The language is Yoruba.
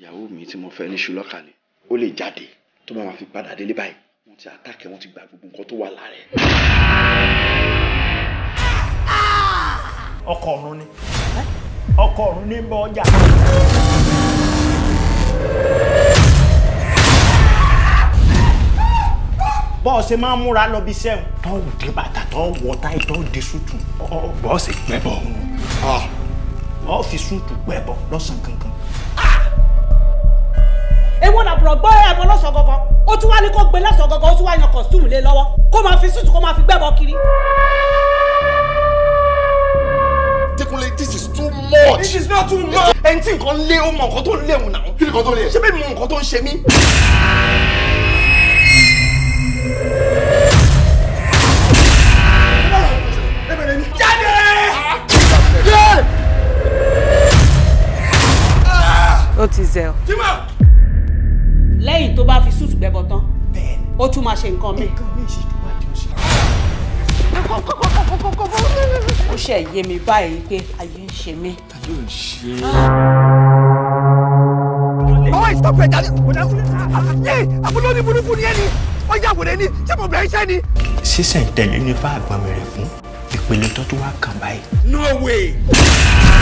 ìyàwó mi tí mo fẹ́ ní ṣùlọ́kàlẹ̀ ó lè jáde tó máa fi padà délé báyìí wọ́n ti àtàkẹ́ wọ́n ti gba gbogbo nǹkan tó wà lára ẹ̀. ọkọ ọ̀run ni ọkọ ọ̀run ní bọ́ ọjà. bọ́ọ̀sì máa ń múra lọ bí sẹ́wọ̀n. tọ́wù dé bàtà tọ́wù ọ̀tá ìtọ́wù dé sùtù. bọ́ọ̀sì pẹ́ bọ̀ ọ́ fi sùtù pẹ́ bọ̀ lọ́sàn-án kankan. Ah! èwo làbùrọ̀ gbọ́ ẹ̀bọ lọ́sọ̀ gangan ó tún wá ní kó gbé lọ́sọ̀ gangan ó tún wá yan costume lé lọ́wọ́ kó máa fi suit kó máa fi gbẹ́bọ kiri. Adékúnlé this is too much. This is not too much. Ẹni tí nǹkan lé ó mọ nǹkan tó ń léwu náà. Kí ni nǹkan tó ń lé? Ṣé bẹ́ẹ̀ ni mo nǹkan tó ń ṣe mí? Ó ti zẹ̀ o. Jimá! lẹ́yìn tó bá fi súùtù gbẹ́bọ tán ó tún máa ṣe nǹkan mi. ó ṣe yé mi báyìí pé ayé ń ṣe mí. ayé ń ṣe é. ọwọ́ ìsọ̀pẹ̀ jáde kò dá fún mi. àbúrò ní burúkú ni ẹni ọjà wòlé ni ṣé mo bẹ̀rẹ̀ iṣẹ́ ni. sísẹ̀ tẹ̀lé ní fáàgbọ́n mi rẹ̀ fún ìpele tó tún wá kàn báyìí. no way.